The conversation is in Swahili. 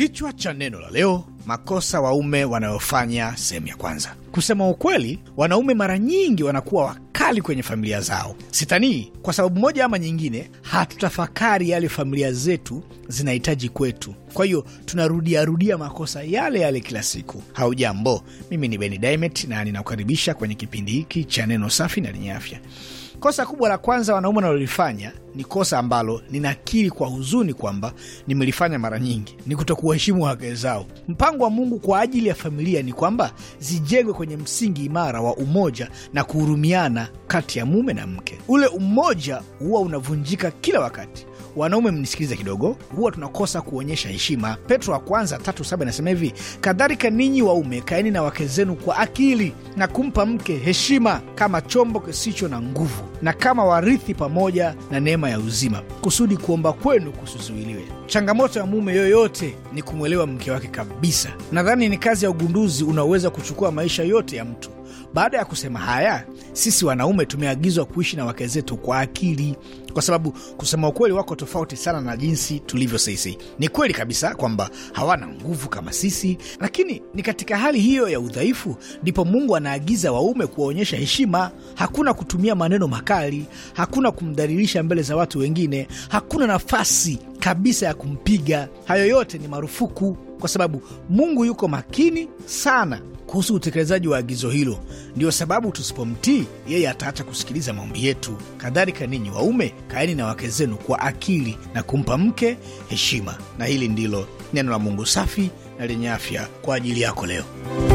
Kichwa cha neno la leo: makosa waume wanayofanya, sehemu ya kwanza. Kusema ukweli, wanaume mara nyingi wanakuwa wakali kwenye familia zao. Sitanii, kwa sababu moja ama nyingine hatutafakari yale familia zetu zinahitaji kwetu, kwa hiyo tunarudiarudia makosa yale yale kila siku. Haujambo, mimi ni Beni Dimet na ninakukaribisha kwenye kipindi hiki cha neno safi na lenye afya. Kosa kubwa la kwanza wanaume wanalolifanya ni kosa ambalo ninakiri kwa huzuni kwamba nimelifanya mara nyingi, ni kutokuwaheshimu wake zao. Mpango wa Mungu kwa ajili ya familia ni kwamba zijengwe kwenye msingi imara wa umoja na kuhurumiana kati ya mume na mke. Ule umoja huwa unavunjika kila wakati Wanaume mnisikilize kidogo, huwa tunakosa kuonyesha heshima. Petro wa kwanza tatu saba inasema hivi, kadhalika ninyi waume kaeni na wake zenu kwa akili na kumpa mke heshima kama chombo kisicho na nguvu na kama warithi pamoja na neema ya uzima, kusudi kuomba kwenu kusuzuiliwe Changamoto ya mume yoyote ni kumwelewa mke wake kabisa. Nadhani ni kazi ya ugunduzi unaoweza kuchukua maisha yote ya mtu. Baada ya kusema haya, sisi wanaume tumeagizwa kuishi na wake zetu kwa akili, kwa sababu kusema ukweli, wako tofauti sana na jinsi tulivyo sisi. Ni kweli kabisa kwamba hawana nguvu kama sisi, lakini ni katika hali hiyo ya udhaifu ndipo Mungu anaagiza waume kuwaonyesha heshima. Hakuna kutumia maneno makali, hakuna kumdhalilisha mbele za watu wengine, hakuna nafasi kabisa ya kumpiga. Hayo yote ni marufuku, kwa sababu Mungu yuko makini sana kuhusu utekelezaji wa agizo hilo. Ndiyo sababu tusipomtii yeye, ataacha kusikiliza maombi yetu. Kadhalika ninyi waume, kaeni na wake zenu kwa akili na kumpa mke heshima. Na hili ndilo neno la Mungu safi na lenye afya kwa ajili yako leo.